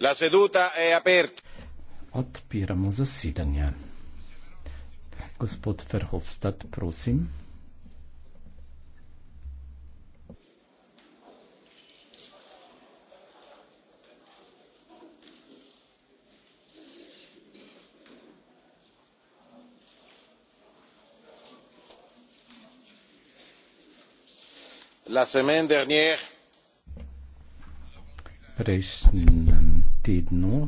La seduta è aperta. Odpiramo zasedanje. Gospod Verhofstadt, prosim. La semaine dernière, prejšnjem tednu